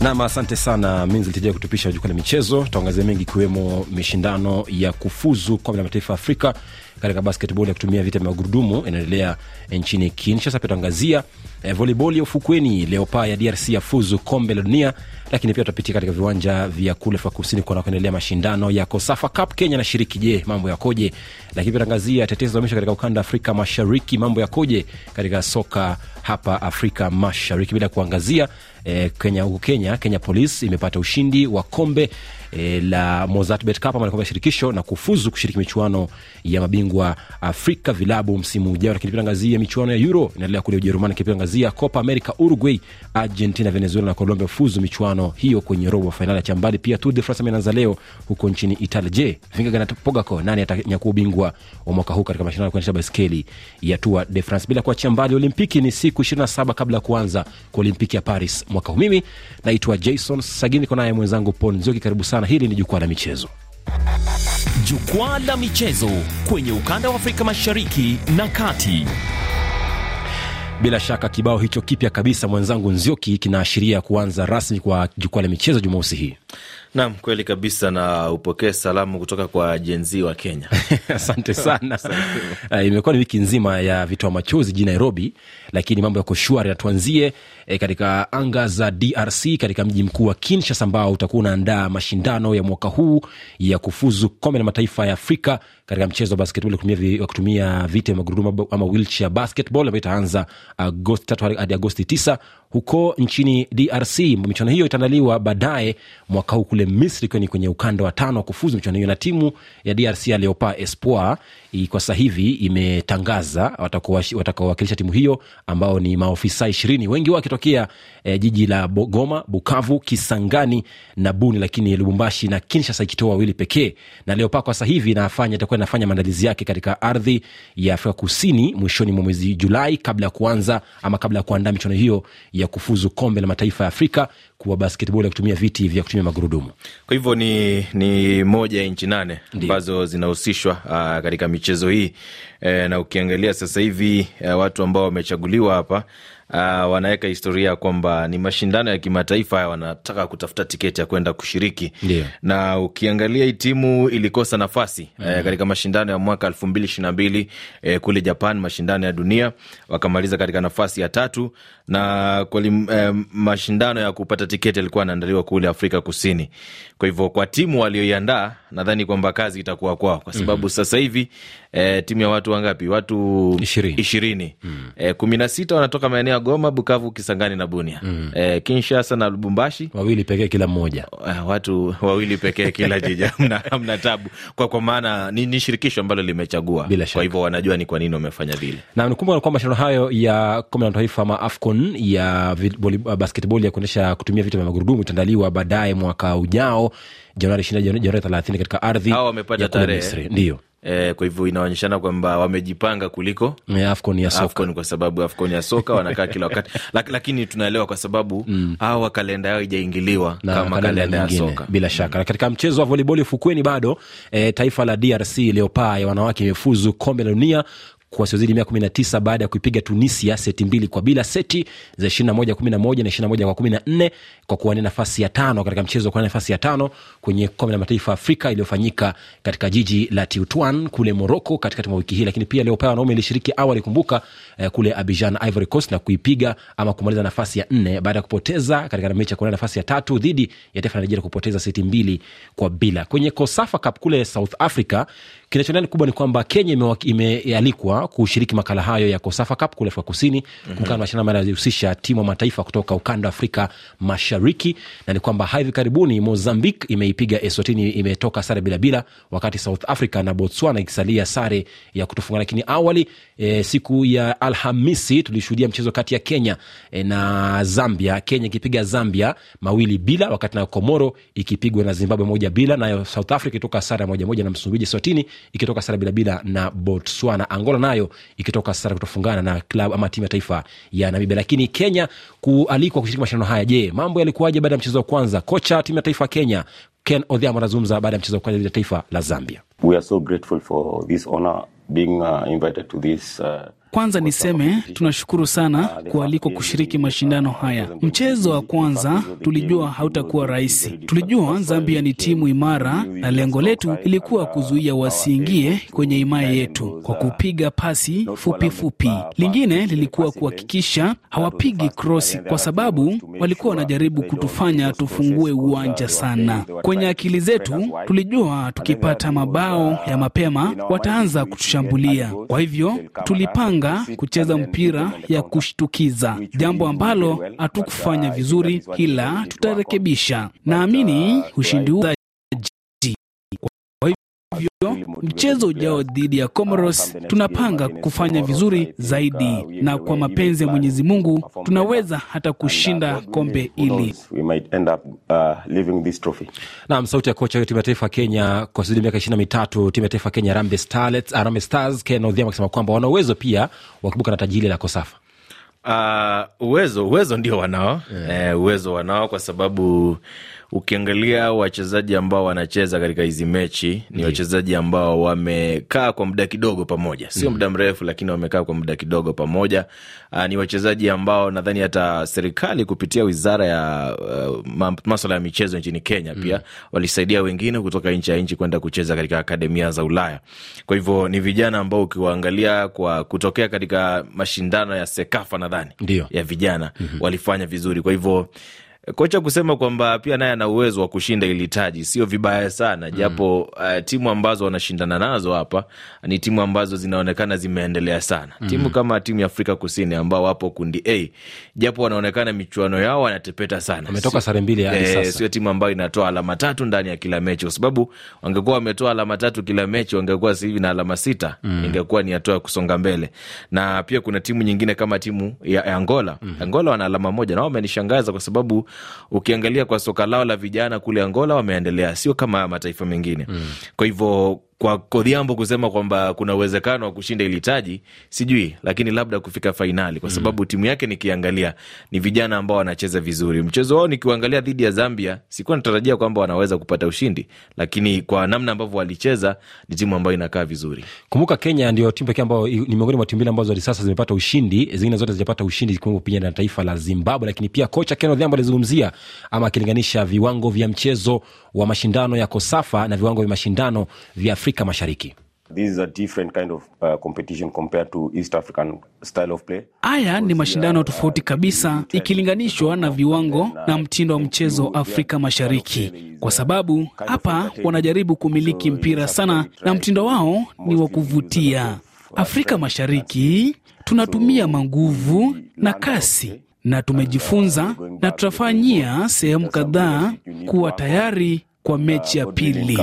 Nam, asante sana Minzilitejea kutupisha jukwa la michezo. Tutaangazia mengi ikiwemo mishindano ya kufuzu kombe la mataifa Afrika katika basketball ya kutumia vita vya magurudumu inaendelea nchini Kinshasa. Pia tutaangazia eh, volleyball ya ufukweni Leopards ya DRC yafuzu kombe la dunia, lakini pia tutapitia katika viwanja vya kule fa Kusini kunakoendelea mashindano ya Kosafa Cup. Kenya nashiriki, je, mambo yakoje? Lakini pia tangazia tetezi za mwisho katika ukanda Afrika Mashariki, mambo yakoje katika soka hapa Afrika Mashariki, bila kuangazia eh, Kenya huku Kenya, Kenya Police imepata ushindi wa kombe e, la Mozart Bet Cup ama kombe shirikisho na kufuzu kushiriki michuano ya mabingwa Afrika vilabu msimu ujao. Lakini pia angazia michuano ya Euro inaendelea kule Ujerumani, lakini pia angazia Copa America, Uruguay, Argentina, Venezuela na Colombia kufuzu michuano hiyo kwenye robo fainali ya chambali. Pia Tour de France imeanza leo huko nchini Italia. Je, Vingegaard na Pogacar nani atanyakua ubingwa wa mwaka huu katika mashindano ya kuendesha baiskeli ya Tour de France? Bila kuachia mbali Olimpiki, ni siku 27 kabla ya kuanza kwa Olimpiki ya Paris mwaka huu. Mimi naitwa Jason Sagini, niko naye mwenzangu Paul Nzioki. Karibu sana sana. Hili ni jukwaa la michezo, jukwaa la michezo kwenye ukanda wa Afrika Mashariki na Kati. Bila shaka kibao hicho kipya kabisa, mwenzangu Nzioki, kinaashiria kuanza rasmi kwa jukwaa la michezo jumausi hii. Nam, kweli kabisa, na upokee salamu kutoka kwa jenzi wa Kenya. Asante sana. Uh, imekuwa ni wiki nzima ya vitoa machozi jijini Nairobi, lakini mambo yako shwari, na eh, katika anga za DRC katika mji mkuu wa Kinshasa ambao utakuwa unaandaa mashindano ya mwaka huu ya kufuzu kombe la mataifa ya Afrika katika mchezo wa basketball kutumia, kutumia viti vya magurudumu ama wheelchair basketball ambayo itaanza Agosti tatu hadi Agosti tisa huko nchini DRC. Michuano hiyo itaandaliwa baadaye mwaka huu kule Misri, kwenye kwenye ukanda wa tano wa kufuzu michuano hiyo, na timu ya DRC ya Leopards Espoir kwa sasa hivi imetangaza watakaowakilisha timu hiyo ambao ni maofisa ishirini, wengi wao wakitokea e, jiji la Goma, Bukavu, Kisangani na Buni, lakini Lubumbashi na Kinshasa ikitoa wawili pekee. Na Leopards kwa sasa hivi inafanya itakuwa inafanya maandalizi yake katika ardhi ya Afrika Kusini mwishoni mwa mwezi Julai, kabla ya kuanza ama kabla ya kuandaa michuano hiyo ya kufuzu kombe la mataifa ya Afrika kwa basketball ya kutumia viti vya kutumia magurudumu. Kwa hivyo ni, ni moja ya nchi nane ambazo zinahusishwa ah, katika michezo hii e, na ukiangalia sasa hivi eh, watu ambao wamechaguliwa hapa uh, ah, wanaweka historia kwamba ni mashindano ya kimataifa haya, wanataka kutafuta tiketi ya kwenda kushiriki yeah. Na ukiangalia hii timu ilikosa nafasi mm -hmm. eh, mhm. katika mashindano ya mwaka elfu mbili ishirini na mbili eh, kule Japan, mashindano ya dunia wakamaliza katika nafasi ya tatu, na kwa eh, mashindano ya kupata tiketi yalikuwa yanaandaliwa kule Afrika Kusini. Kwa hivyo kwa timu walioiandaa, nadhani kwamba kazi itakuwa kwao kwa mhm. sababu mm -hmm. sasa hivi eh, timu ya watu wangapi? Watu ishirini, ishirini. Mm -hmm. eh, kumi na sita wanatoka maeneo Goma, Bukavu, Kisangani na Bunia mm. E, Kinshasa na Lubumbashi wawili pekee kila mmoja, eh, watu wawili pekee kila jiji hamna, hamna tabu kwa, kwa maana ni, ni shirikisho ambalo limechagua, kwa hivyo wanajua ni kwa nini wamefanya vile. Na nikumbuka kwamba mashindano hayo ya kombe la mataifa ama AFCON ya uh, basketball ya kuonyesha kutumia vitu vya magurudumu itaandaliwa baadaye mwaka ujao Januari 20 Januari 30 katika ardhi wamepata tarehe ndio Eh, kwa hivyo inaonyeshana kwamba wamejipanga kuliko Afcon ya soka. Afcon kwa sababu Afcon ya soka wanakaa kila wakati Lak, lakini tunaelewa kwa sababu mm. kalenda yao ijaingiliwa kama kalenda ya soka bila shaka mm. katika mchezo wa voliboli fukweni bado eh, taifa la DRC iliyopaa ya wanawake imefuzu kombe la dunia kwa kumi na tisa baada ya kuipiga Tunisia seti mbili kwa bila, seti za na moja kumi na moja na na moja kwa kumi na nne kwa kuwania nafasi ya tano katika mchezo wa kuwania nafasi ya tano kwenye kombe la mataifa ya Afrika iliyofanyika katika jiji la Tetuan kule Moroko katikati mwa wiki hii. Lakini pia leo wanaume ilishiriki awali, kumbuka eh, kule Abidjan, Ivory Coast na kuipiga ama kumaliza nafasi ya nne baada ya kupoteza katika mechi ya kuwania nafasi ya tatu dhidi ya taifa la Nigeria kupoteza seti mbili kwa bila. Kwenye Kosafa Cup kule South Africa Kinachoendelea kubwa ni kwamba Kenya imealikwa ime kushiriki makala hayo ya Kosafa Cup kule Afrika Kusini, mm-hmm. mashindano ambayo yanahusisha timu wa mataifa kutoka ukanda wa Afrika Mashariki, na ni kwamba hivi karibuni Mozambique imeipiga esotini imetoka sare bila bila, wakati South Africa na Botswana ikisalia sare ya kutofungana. Lakini awali e, siku ya Alhamisi tulishuhudia mchezo kati ya Kenya e, na Zambia, Kenya ikipiga Zambia mawili bila, wakati nayo Komoro ikipigwa na Zimbabwe moja bila, nayo South Africa itoka sare ya mojamoja na Msumbiji esotini ikitoka sara bilabila na botswana angola nayo ikitoka sara kutofungana na klabu ama timu ya taifa ya namibia lakini kenya kualikwa kushiriki mashindano haya je mambo yalikuwaje baada ya mchezo wa kwanza kocha timu ya taifa kenya ken odhiambo anazungumza baada ya mchezo wa kwanza ya taifa la zambia we are so grateful for this honor being uh, invited to this uh kwanza niseme tunashukuru sana kualikwa kushiriki mashindano haya. Mchezo wa kwanza tulijua hautakuwa rahisi. Tulijua Zambia ni timu imara na lengo letu ilikuwa kuzuia wasiingie kwenye himaya yaani yetu kwa kupiga pasi fupi fupi. Lingine lilikuwa kuhakikisha hawapigi krosi, kwa sababu walikuwa wanajaribu kutufanya tufungue uwanja sana. Kwenye akili zetu tulijua tukipata mabao ya mapema wataanza kutushambulia, kwa hivyo tulipanga kufunga, kucheza mpira ya kushtukiza, jambo ambalo hatukufanya vizuri, ila tutarekebisha. Uh, Naamini ushindi huu hivyo mchezo ujao dhidi ya Comoros tunapanga kufanya vizuri zaidi, na kwa mapenzi ya Mwenyezi Mungu tunaweza hata kushinda kombe hili. Uh, Naam, sauti ya kocha huyo timu ya taifa Kenya kwa zaidi ya miaka ishirini na mitatu timu ya taifa Kenya Harambee Starlets, Harambee Stars, Ken Odhiambo akisema kwamba wana uwezo pia wakibuka na taji hili la Kosafa. Uh, uwezo uwezo ndio wanao yeah. Eh, uwezo wanao kwa sababu ukiangalia wachezaji ambao wanacheza katika hizi mechi ni wachezaji ambao wamekaa kwa muda kidogo pamoja, sio mm-hmm. muda mrefu, lakini wamekaa kwa muda kidogo pamoja. Aa, ah, ni wachezaji ambao nadhani hata serikali kupitia wizara ya uh, maswala ya michezo nchini Kenya pia mm. walisaidia wengine kutoka nchi ya nchi kwenda kucheza katika akademia za Ulaya. Kwa hivyo ni vijana ambao ukiwaangalia kwa kutokea katika mashindano ya Sekafa nadhani ya vijana mm-hmm. walifanya vizuri, kwa hivyo kocha kusema kwamba pia naye ana uwezo wa kushinda ili taji sio vibaya sana mm. japo mm. uh, timu ambazo wanashindana nazo hapa ni timu ambazo zinaonekana zimeendelea sana mm. timu kama timu ya Afrika Kusini ambao wapo kundi A japo wanaonekana michuano yao wanatepeta sana wametoka sare mbili hadi eh, sasa e, sio timu ambayo inatoa alama tatu ndani ya kila mechi kwa sababu wangekuwa wametoa alama tatu kila mechi wangekuwa sasa hivi na alama sita mm. ingekuwa ni hatua ya kusonga mbele na pia kuna timu nyingine kama timu ya, ya Angola mm. Angola wana alama moja na wao wamenishangaza kwa sababu ukiangalia kwa soka lao la vijana kule Angola wameendelea, sio kama mataifa mengine mm. Kwa hivyo kwa Kodhiambo kusema kwamba kuna uwezekano wa kushinda ili taji sijui, lakini labda kufika fainali, kwa mm. sababu timu yake nikiangalia ni vijana ambao wanacheza vizuri. Mchezo wao nikiuangalia dhidi ya Zambia, sikuwa natarajia kwamba wanaweza kupata ushindi, lakini kwa namna ambavyo walicheza ni timu ambayo inakaa vizuri. Kumbuka Kenya ndio timu pekee ambayo ni miongoni mwa timu mbili ambazo hadi sasa zimepata ushindi, zingine zote zijapata ushindi, zikiwemo pia na taifa la Zimbabwe. Lakini pia kocha Ken Odhiambo alizungumzia ama akilinganisha viwango vya mchezo wa mashindano ya Kosafa na viwango vya mashindano vya Afrika Afrika Mashariki. Uh, Haya ni mashindano uh, tofauti kabisa ikilinganishwa na viwango uh, na mtindo wa mchezo wa Afrika Mashariki, kwa sababu hapa wanajaribu kumiliki mpira sana na mtindo wao ni wa kuvutia. Afrika Mashariki tunatumia manguvu na kasi na tumejifunza na tutafanyia sehemu kadhaa kuwa tayari kwa mechi ya pili.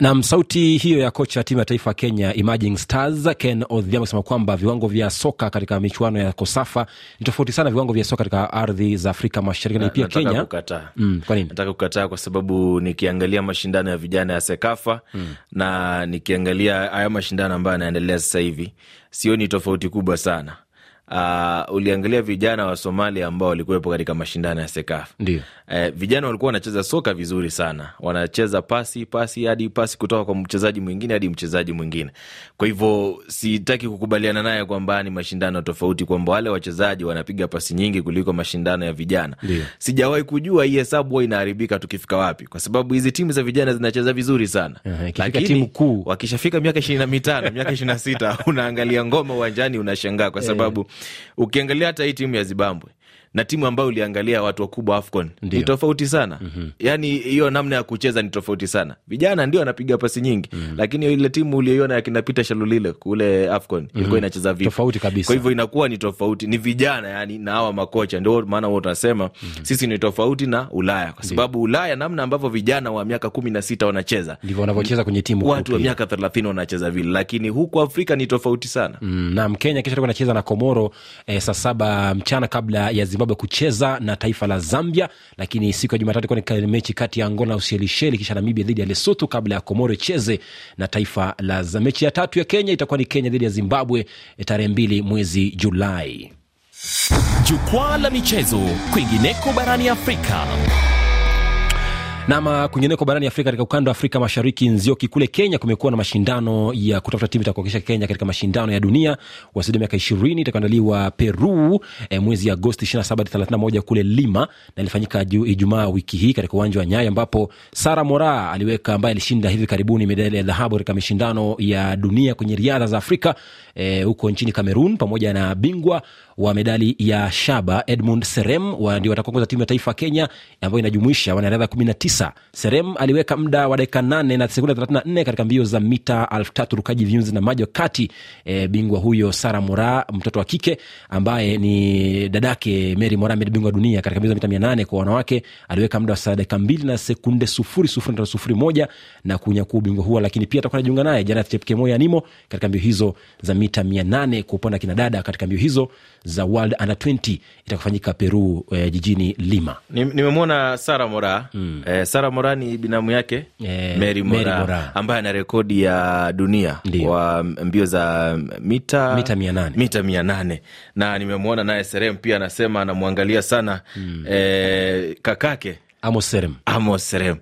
Nam, sauti hiyo ya kocha wa timu ya taifa Kenya Emerging Stars Ken Odhiambo akisema kwamba viwango vya soka katika michuano ya Kosafa ni tofauti sana viwango vya soka katika ardhi za Afrika Mashariki na pia Kenya. Kukataa. Mm, kwa nini? Nataka kukataa kwa sababu nikiangalia mashindano ya vijana ya Sekafa mm, na nikiangalia haya mashindano ambayo yanaendelea sasa hivi sioni tofauti kubwa sana uh, uliangalia vijana wa Somalia ambao walikuwepo katika mashindano ya SEKAFA ndio uh, vijana walikuwa wanacheza soka vizuri sana, wanacheza pasi pasi hadi pasi kutoka kwa mchezaji mwingine hadi mchezaji mwingine. Kwa hivyo sitaki kukubaliana naye kwamba ni mashindano tofauti, kwamba wale wachezaji wanapiga pasi nyingi kuliko mashindano ya vijana. Sijawahi kujua hii hesabu huwa inaharibika tukifika wapi, kwa sababu hizi timu za vijana zinacheza vizuri sana uh, lakini kuu wakishafika miaka ishirini na mitano miaka ishirini na sita unaangalia ngoma uwanjani unashangaa kwa eh. sababu yeah Ukiangalia hata hii timu ya Zimbabwe na timu ambayo uliangalia watu wakubwa AFCON ni tofauti sana mm-hmm. Yani hiyo namna ya kucheza ni tofauti sana. Vijana ndio wanapiga pasi nyingi mm-hmm. Lakini ile timu uliyoiona yakinapita Shalulile kule AFCON mm-hmm. ilikuwa inacheza vipi? Tofauti kabisa. Kwa hivyo inakuwa ni tofauti, ni vijana yani na hawa makocha, ndio maana huo tunasema mm-hmm. sisi ni tofauti na Ulaya kwa sababu Ndiyo. Ulaya namna ambavyo vijana wa miaka kumi na sita wanacheza ndivyo wanavyocheza kwenye timu, watu wa miaka thelathini wanacheza vile, lakini huku Afrika ni tofauti sana mm, na Mkenya kesho anacheza na Komoro eh, saa saba mchana kabla ya zim Zimbabwe kucheza na taifa la Zambia, lakini siku ya Jumatatu ilikuwa ni mechi kati ya Angola na Ushelisheli, kisha Namibia dhidi ya Lesotho kabla ya Komoro icheze na taifa la Mechi ya tatu ya Kenya itakuwa ni Kenya dhidi ya Zimbabwe eh, tarehe mbili mwezi Julai. Jukwaa la michezo kwingineko barani Afrika. Nama ah, kwingineko barani Afrika, katika ukanda wa Afrika Mashariki, Nzioki kule Kenya, kumekuwa na mashindano ya kutafuta timu itakuakisha Kenya katika mashindano ya dunia wasidi miaka ishirini itakaandaliwa Peru e, mwezi Agosti 27 moja kule Lima, na ilifanyika Ijumaa wiki hii katika uwanja wa Nyayo, ambapo Sara Mora aliweka ambaye alishinda hivi karibuni medali ya dhahabu katika mashindano ya dunia kwenye riadha za Afrika eh, huko e, nchini Kamerun pamoja na bingwa wa medali ya shaba Edmund Serem ndio watakuongoza timu ya taifa Kenya ambayo inajumuisha wanariadha 19. Serem aliweka muda wa dakika 8 na sekunde 34 katika mbio za mita 3000 rukaji viunzi na maji, wakati e, bingwa huyo Sara Mora mtoto wa kike ambaye ni dadake Mary Mohamed bingwa dunia katika mbio za mita 800 kwa wanawake aliweka muda wa dakika 2 na sekunde 0.01 na kunyakua ubingwa huo, lakini pia atakuwa anajiunga naye Janath Chepkemoi Animo katika mbio hizo za mita 800 kwa upande wa kinadada katika mbio hizo za World Under 20 itakufanyika Peru eh, jijini Lima. Nimemwona ni Sara Mora mm. Eh, Sara Mora ni binamu yake eh, Mary Mora, Mora ambaye ana rekodi ya dunia Ndiyo. wa mbio za mita mita mia nane mita mia nane na nimemwona naye Serem pia anasema anamwangalia sana mm. eh, kakake Amos Serem,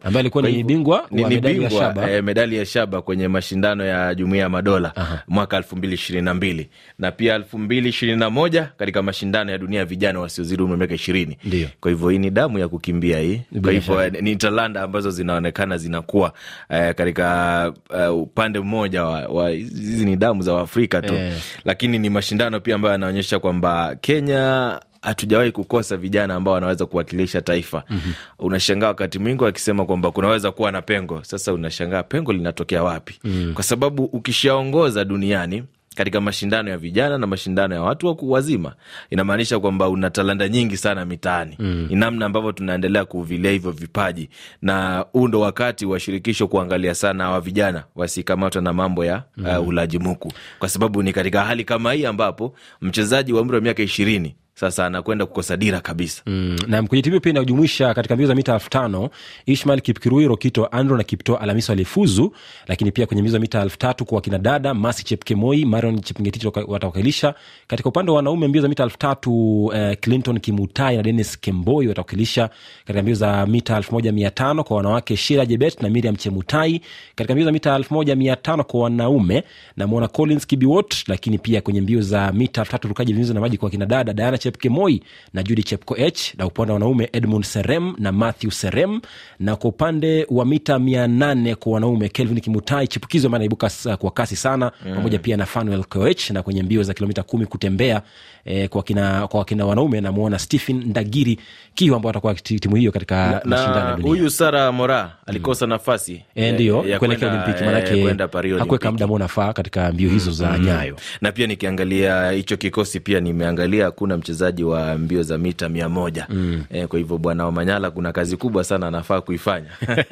ambaye alikuwa ni bingwa ni, ni medali, bingwa, ya shaba. E, medali ya shaba kwenye mashindano ya Jumuiya ya Madola Aha. mwaka elfu mbili ishirini na mbili na pia elfu mbili ishirini na moja katika mashindano ya dunia ya vijana wasiozidi umri miaka ishirini. Kwa hivyo hii ni damu ya kukimbia hii, kwa hivyo ni talanda ambazo zinaonekana zinakuwa eh, katika uh, upande mmoja wa hizi ni damu za Waafrika tu eh. Lakini ni mashindano pia ambayo yanaonyesha kwamba Kenya hatujawahi kukosa vijana ambao wanaweza kuwakilisha taifa. Mm-hmm. Unashangaa wakati mwingi wakisema kwamba kunaweza kuwa na pengo. Sasa unashangaa pengo linatokea wapi? Mm-hmm. Kwa sababu ukishaongoza duniani katika mashindano ya vijana na mashindano ya watu waku wazima, inamaanisha kwamba una talanta nyingi sana mitaani. Mm. Ni namna ambavyo tunaendelea kuvilea hivyo vipaji, na huu ndo wakati wa shirikisho kuangalia sana hawa vijana wasikamatwa na mambo ya mm. uh, ulaji muku, kwa sababu ni katika hali kama hii ambapo mchezaji wa umri wa miaka ishirini sasa anakwenda kukosa dira kabisa mm. na kwenye timu pia inajumuisha katika mbio za mita elfu tano Ishmael Kipkirui, Rokito Andro na Kipto Alhamisi walifuzu, lakini pia kwenye mbio za mita elfu tatu kwa kina dada Masi Chepkemoi, Marion Chepngetich watawakilisha. Katika upande wa wanaume mbio za mita elfu tatu eh, Clinton Kimutai na Denis Kemboi watawakilisha. Katika mbio za mita elfu moja mia tano kwa wanawake Shira Jebet na Miriam Chemutai. Katika mbio za mita elfu moja mia tano kwa wanaume namwona Collins Kibiwot, lakini pia kwenye mbio za mita elfu tatu rukaji viunzi na maji kwa kina dada Diana Chepkemoi na judi Chepkoech, na upande wa wanaume Edmund Serem na Matthew Serem, na kwa upande wa mita mia nane kwa wanaume Kelvin Kimutai chipukizo ambaye anaibuka kwa kasi sana mm. pamoja mm. pia na Fanuel Koech, na kwenye mbio za kilomita kumi kutembea eh, kwa kina, kwa kina wanaume namwona Stephen Ndagiri Kiwa ambao atakuwa timu hiyo katika mashindanohuyu Sara Mora mm. alikosa mm. nafasi e, ndio eh, kuelekea Olimpiki, manake hakuweka muda ambao nafaa katika mbio hizo za mm. Nyayo, na pia nikiangalia hicho kikosi pia nimeangalia hakuna mchezaji mchezaji wa mbio za mita mia moja mm. E, kwa hivyo bwana Wamanyala kuna kazi kubwa sana anafaa kuifanya.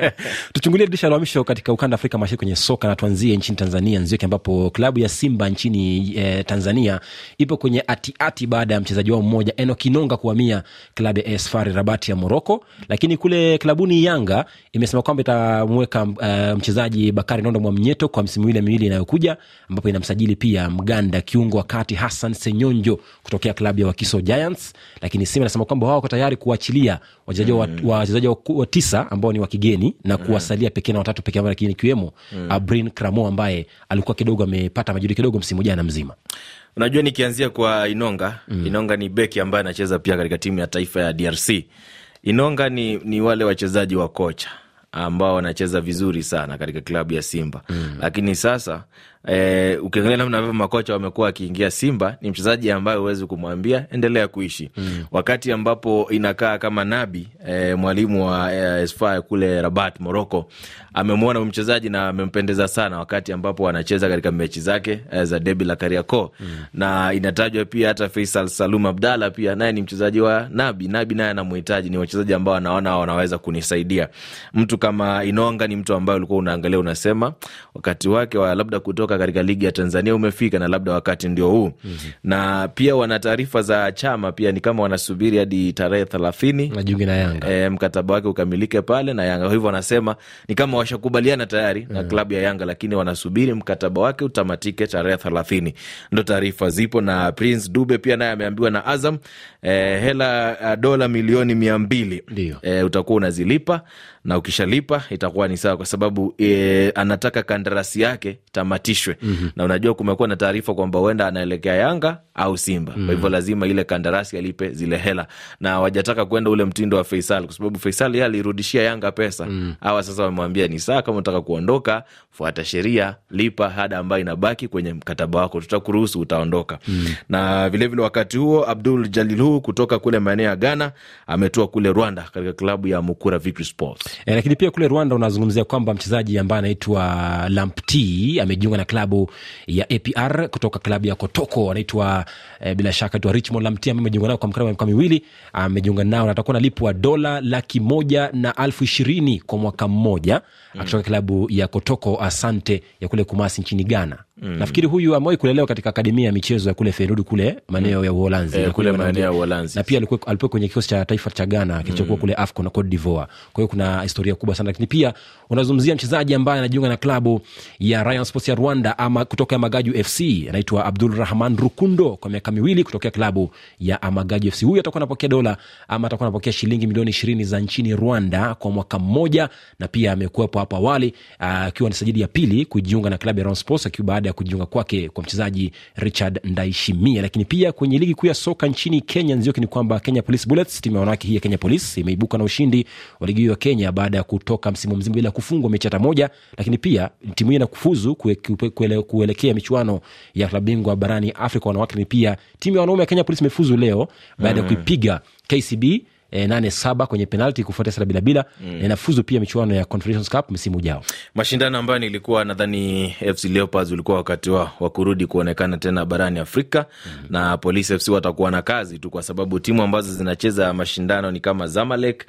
Tuchungulie dirisha la mwisho katika ukanda Afrika Mashariki kwenye soka na tuanzie nchini Tanzania, Nzioki, ambapo klabu ya Simba nchini eh, Tanzania ipo kwenye atiati baada ya mchezaji wao mmoja Eno Kinonga kuhamia klabu ya Esfari Rabati ya Moroko, lakini kule klabuni Yanga imesema kwamba itamweka uh, mchezaji Bakari Nondo Mwamnyeto kwa msimu ile miwili inayokuja ambapo inamsajili pia Mganda kiungo wa kati Hassan Senyonjo kutokea klabu ya Wakiso Soso Giants, lakini Simba inasema kwamba wao wako tayari kuachilia wachezaji mm. wa, wachezaji wa, tisa ambao ni wa kigeni na mm. kuwasalia pekee na watatu pekee lakini ikiwemo mm. Abrin uh, Cramo ambaye alikuwa kidogo amepata majuri kidogo msimu jana mzima. Unajua, nikianzia kwa Inonga mm. Inonga ni beki ambaye anacheza pia katika timu ya taifa ya DRC. Inonga ni, ni wale wachezaji wa kocha ambao wanacheza vizuri sana katika klabu ya Simba mm. Lakini sasa eh, ukiangalia namna ambavyo makocha wamekuwa akiingia Simba, ni mchezaji ambaye huwezi kumwambia endelea kuishi mm. wakati ambapo inakaa kama Nabi eh, mwalimu wa eh, kule Rabat Morocco amemwona mchezaji na amempendeza sana, wakati ambapo anacheza katika mechi zake eh, za debi la Kariakoo mm. na inatajwa pia hata Faisal Salum Abdalla pia naye ni mchezaji wa Nabi. Nabi naye anamhitaji, ni wachezaji ambao anaona wanaweza kunisaidia. Mtu kama Inonga ni mtu ambaye ulikuwa unaangalia unasema wakati wake wa labda kutoka katika ligi ya Tanzania umefika na labda wakati ndio huu. Mm-hmm. Na pia wana taarifa za chama pia ni kama wanasubiri hadi tarehe thelathini na Yanga e, mkataba wake ukamilike pale na Yanga. hivyo wanasema ni kama washakubaliana tayari mm-hmm. na mhm. klabu ya Yanga, lakini wanasubiri mkataba wake utamatike tarehe thelathini. Ndo taarifa zipo, na Prince Dube pia naye ameambiwa na Azam e, hela eh, dola milioni mia mbili e, utakuwa unazilipa na ukishalipa itakuwa ni sawa, kwa sababu e, anataka kandarasi yake tamatishwe mm -hmm. na unajua kumekuwa na taarifa kwamba huenda anaelekea Yanga au Simba mm -hmm. kwa hivyo mhm. lazima ile kandarasi alipe zile hela, na wajataka kwenda ule mtindo wa Faisal kwa sababu Faisal yeye alirudishia Yanga pesa mm -hmm. hawa sasa wamemwambia ni sawa, kama unataka kuondoka, fuata sheria, lipa hada ambayo inabaki kwenye mkataba wako, tutakuruhusu utaondoka mm -hmm. na vilevile vile wakati huo Abdul Jalilhu kutoka kule maeneo ya Ghana ametua kule Rwanda katika klabu ya Mukura Victory Sports e, lakini pia kule Rwanda unazungumzia kwamba mchezaji ambaye anaitwa Lampt amejiunga na klabu ya APR kutoka klabu ya Kotoko anaitwa e, bila shaka tu Richmond Lamptey ambaye amejiunga nao kwa mkataba wa miaka miwili, amejiunga nao na atakuwa analipwa dola laki moja na alfu ishirini kwa mwaka mmoja mm. akitoka klabu ya Kotoko Asante ya kule Kumasi nchini Ghana. Mm. Nafikiri huyu amewahi kulelewa katika akademia ya michezo ya kule Feyenoord kule maeneo ya Uholanzi eh, kule maeneo ya Uholanzi na pia alikuwa kwenye kikosi cha taifa cha Ghana mm. kilichokuwa mm. kule AFCON na Cote d'Ivoire. Kwa hiyo kuna historia kubwa sana, lakini pia unazungumzia mchezaji ambaye anajiunga na klabu ya Rayon Sports ya Rwanda ama kutoka Amagaju FC, anaitwa Abdul Rahman Rukundo kwa miaka miwili kutokea klabu ya Amagaju FC. Huyu atakuwa anapokea dola ama atakuwa anapokea shilingi milioni ishirini za nchini Rwanda kwa mwaka mmoja, na pia amekuwepo hapo awali ah, akiwa ni sajili ya pili kujiunga na klabu ya Rayon Sports akiwa baada ya kujiunga kwake kwa mchezaji Richard Ndaishimia. Lakini pia kwenye ligi kuu ya soka nchini Kenya, Nzioki, ni kwamba Kenya Police Bullets, timu ya wanawake hii ya Kenya Police imeibuka na ushindi wa ligi hiyo ya Kenya baada ya kutoka msimu mzima bila kufungwa mechi hata moja, lakini pia timu hiyo inakufuzu kuelekea kuele, kuele michuano ya klabu bingwa barani Afrika wanawake, lakini pia timu ya wanaume ya Kenya Police imefuzu leo baada ya mm. kuipiga KCB E, nane saba kwenye penalti kufuatia sare bila mm. na pia michuano ya Confederations Cup msimu ujao. Mashindano ambayo nilikuwa nadhani FC Leopards ulikuwa wakati wao wa kurudi kuonekana tena barani Afrika mm. na Police FC watakuwa na kazi tu, kwa sababu timu ambazo zinacheza mashindano ni kama Zamalek,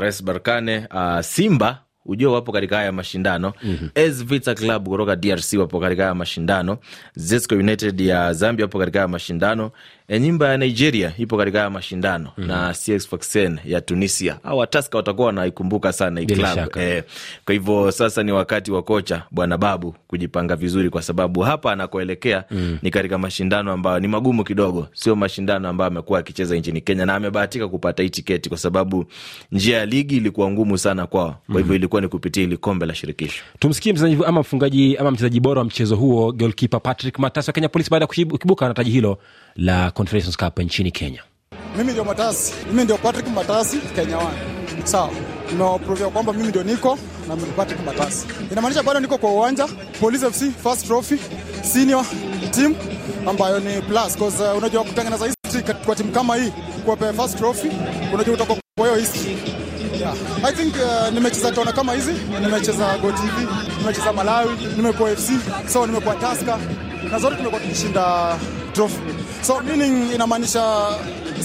RS Berkane, uh, Simba ujua wapo katika haya mashindano mm-hmm. AS Vita Club kutoka DRC wapo katika haya mashindano. Zesco United ya Zambia wapo katika haya mashindano. Enyimba ya Nigeria ipo katika haya mashindano mm. na CX Sfaxien ya Tunisia, au wataska watakuwa wanaikumbuka sana hii klabu eh. Kwa hivyo sasa ni wakati wa kocha bwana Babu kujipanga vizuri, kwa sababu hapa anakoelekea mm. ni katika mashindano ambayo ni magumu kidogo, sio mashindano ambayo amekuwa akicheza nchini Kenya, na amebahatika kupata hii tiketi kwa sababu njia ya ligi ilikuwa ngumu sana kwao, kwa hivyo mm. ilikuwa ni kupitia ili kombe la shirikisho. Tumsikie mchezaji ama mfungaji ama mchezaji bora wa mchezo huo, golkipa Patrick Matasi wa Kenya Polisi baada ya kuibuka na taji hilo la Confederations Cup nchini Kenya. Mimi ndio Matasi, mimi ndio Patrick Matasi, Kenya wan. Sawa, Nimewaprovia kwamba mimi ndio niko na Patrick Matasi, inamaanisha bado niko kwa uwanja Police FC First Trophy senior team ambayo ni plus cause, uh, unajua kutengeneza history kwa timu kama hii kuwapea First Trophy, unajua utakuwa kwa hiyo history Yeah. I think uh, nimecheza tona kama hizi, nimecheza Go TV, nimecheza Malawi, nimekuwa FC, so nimekuwa Taska na zote tumekuwa tukishinda trophy. So meaning inamaanisha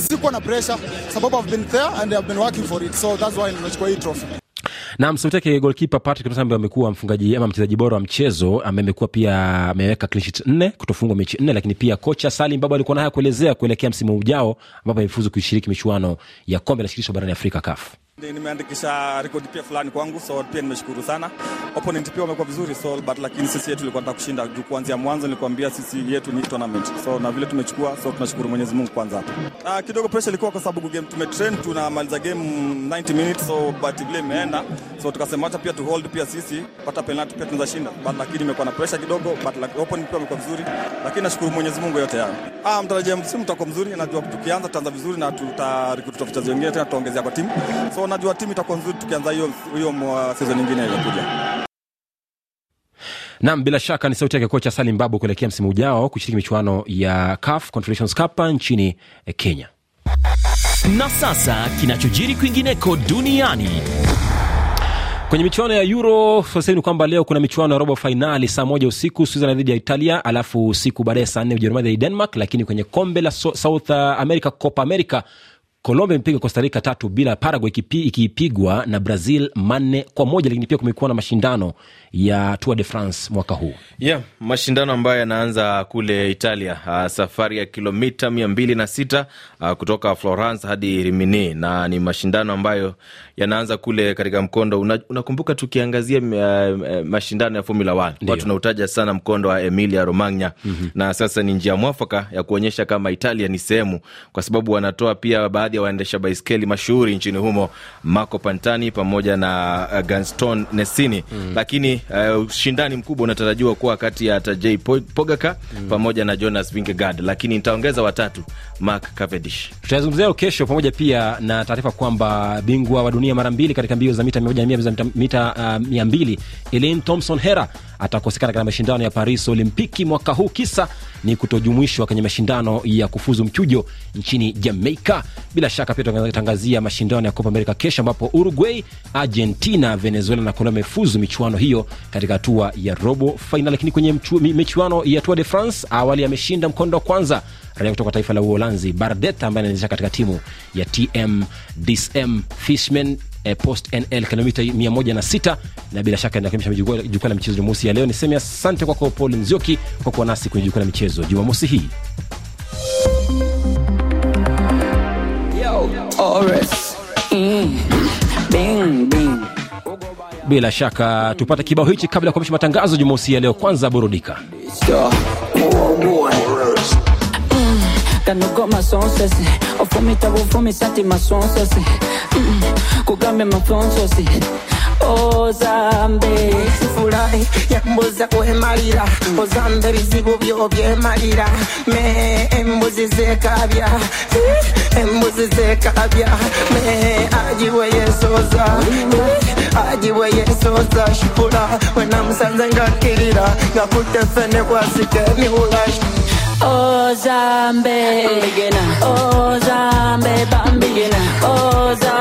sikuwa na pressure sababu I've been there and I've been working for it. So that's why nimechukua hii trophy. Na msitake goalkeeper Patrick Msamba ambaye amekuwa mfungaji ama mchezaji bora wa mchezo ambaye amekuwa pia ameweka clean sheet nne kutofungwa mechi nne, lakini pia kocha Salim Babu alikuwa na haya kuelezea kuelekea msimu ujao ambapo amefuzu kushiriki michuano ya kombe la shirikisho barani Afrika CAF. Nimeandikisha rekodi pia fulani kwangu, so pia nimeshukuru sana. Opponent pia wamekuwa vizuri, so but lakini sisi yetu ilikuwa nataka kushinda juu kuanzia mwanzo nilikwambia sisi yetu ni tournament, so na vile tumechukua, so tunashukuru Mwenyezi Mungu kwanza hapo. Ah, kidogo pressure ilikuwa kwa sababu game tumetrain, tunamaliza game 90 minutes, so but vile imeenda, so tukasema hata pia tu hold pia sisi pata penalty pia tunaweza shinda, but lakini imekuwa na pressure kidogo, but like, opponent pia wamekuwa vizuri, lakini nashukuru Mwenyezi Mungu yote hayo. Ah, mtarajia msimu utakuwa mzuri, najua tukianza tutaanza vizuri na tuta recruit wachezaji wengine tena tutaongezea kwa timu so so najua timu itakuwa nzuri tukianza hiyo hiyo season nyingine inayokuja. Nam, bila shaka ni sauti yake kocha Salim Babu kuelekea msimu ujao kushiriki michuano ya CAF Confederations Cup nchini eh, Kenya. Na sasa kinachojiri kwingineko duniani kwenye michuano ya Euro sasa ni kwamba leo kuna michuano ya robo fainali saa moja usiku Switzerland dhidi ya Italia, alafu siku baadaye saa nne Ujerumani dhidi ya Denmark. Lakini kwenye kombe la so, South America, Copa America, Colombia imepiga Costa Rica tatu bila, Paraguay ikiipigwa na Brazil manne kwa moja. Lakini pia kumekuwa na mashindano ya Tour de France mwaka huu yeah, mashindano ambayo yanaanza kule Italia. Uh, safari ya kilomita mia mbili na sita uh, kutoka Florence hadi Rimini, na ni mashindano ambayo yanaanza kule katika mkondo unakumbuka, una, tukiangazia uh, mashindano ya Formula watu tunautaja sana mkondo wa Emilia Romagna mm -hmm. na sasa ni njia mwafaka ya kuonyesha kama Italia ni sehemu, kwa sababu wanatoa pia baadhi baadhi ya waendesha baiskeli mashuhuri nchini humo, Marco Pantani pamoja na uh, Gaston Nesini mm. Lakini uh, ushindani uh, mkubwa unatarajiwa kuwa kati ya Tadej Pogacar mm. pamoja na Jonas Vingegaard, lakini nitaongeza watatu, Mark Cavendish. Tutazungumzia kesho pamoja pia na taarifa kwamba bingwa wa dunia mara mbili katika mbio za mita 100 mita uh, 200 Elin Thompson Hera atakosekana katika mashindano ya Paris Olimpiki mwaka huu, kisa ni kutojumuishwa kwenye mashindano ya kufuzu mchujo nchini Jamaica. Bila shaka pia tutangazia mashindano ya Copa America kesho, ambapo Uruguay, Argentina, Venezuela na Colombia mefuzu michuano hiyo katika hatua ya robo fainali. Lakini kwenye michuano ya Tour de France awali ameshinda mkondo wa kwanza raia kutoka taifa la Uholanzi Bardet ambaye anaendesha katika timu ya TM DSM Fishman E, eh, post NL kilomita 106 na bila shaka inakamilisha jukwaa la michezo Jumamosi ya leo. Niseme asante kwako Paul Nzioki kwa kuwa nasi kwenye jukwaa la michezo Jumamosi hii. Forest. Mm. Bing, bing. Bila shaka tupate kibao hichi kabla ya kuamisha matangazo Jumamosi ya leo. Kwanza burudika ozambe muzizeka abya me ajiwe yesoza ajiwe yesoza shipula wenamusanze ngakirira ngakutefene kwasike miula ozambe bambigina ozambe bambigina oza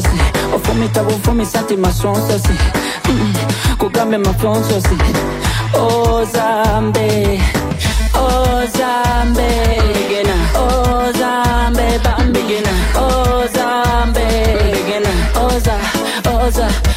ceci Ufumi tabufumi sati masunsosi Kugambe mafunsosi Ozambe Ozambe Begina Ozambe Bambigina Ozambe Begina Oza Oza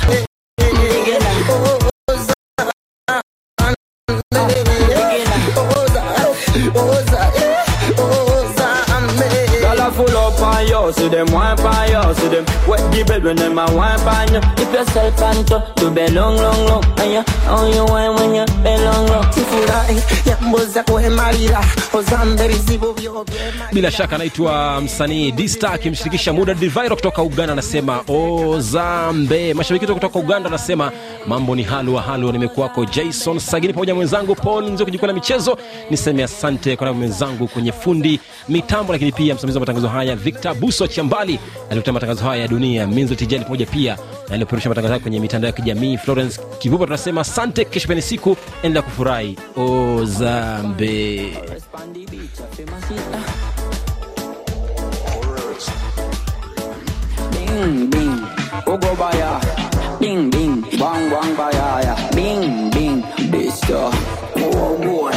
yo So them wine pan yo So them wet the bed when them a wine pan yo Keep yourself on top to be long, long, long And you, how you wine when you be long, long If Kifurahi nyambo za kuhemalira Ozambe vizibu vyote Bila shaka anaitwa msanii D-Star akimshirikisha Muda Diviro kutoka Uganda nasema, Ozambe. Mashabiki wetu kutoka Uganda nasema, mambo ni halu halwa halwa. Nimekuwako Jason Sagini pamoja na mwenzangu Paul Nzi kwenye jukwaa la michezo. Niseme asante kwa mwenzangu kwenye fundi mitambo, lakini pia msimamizi wa matangazo haya Victor Bus Wilson Chambali alipata matangazo haya ya dunia. Minzletijani pamoja pia aliyopeperusha matangazo haya kwenye mitandao ya kijamii. Florence Kivupa tunasema asante, kesho peni siku endelea kufurahi Ozambe. Bing, bing, bang, bang, Oh, boy.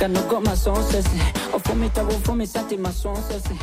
got my comme ma sensation. Au fond, me, t'as for me, mais my t'es ma sensation.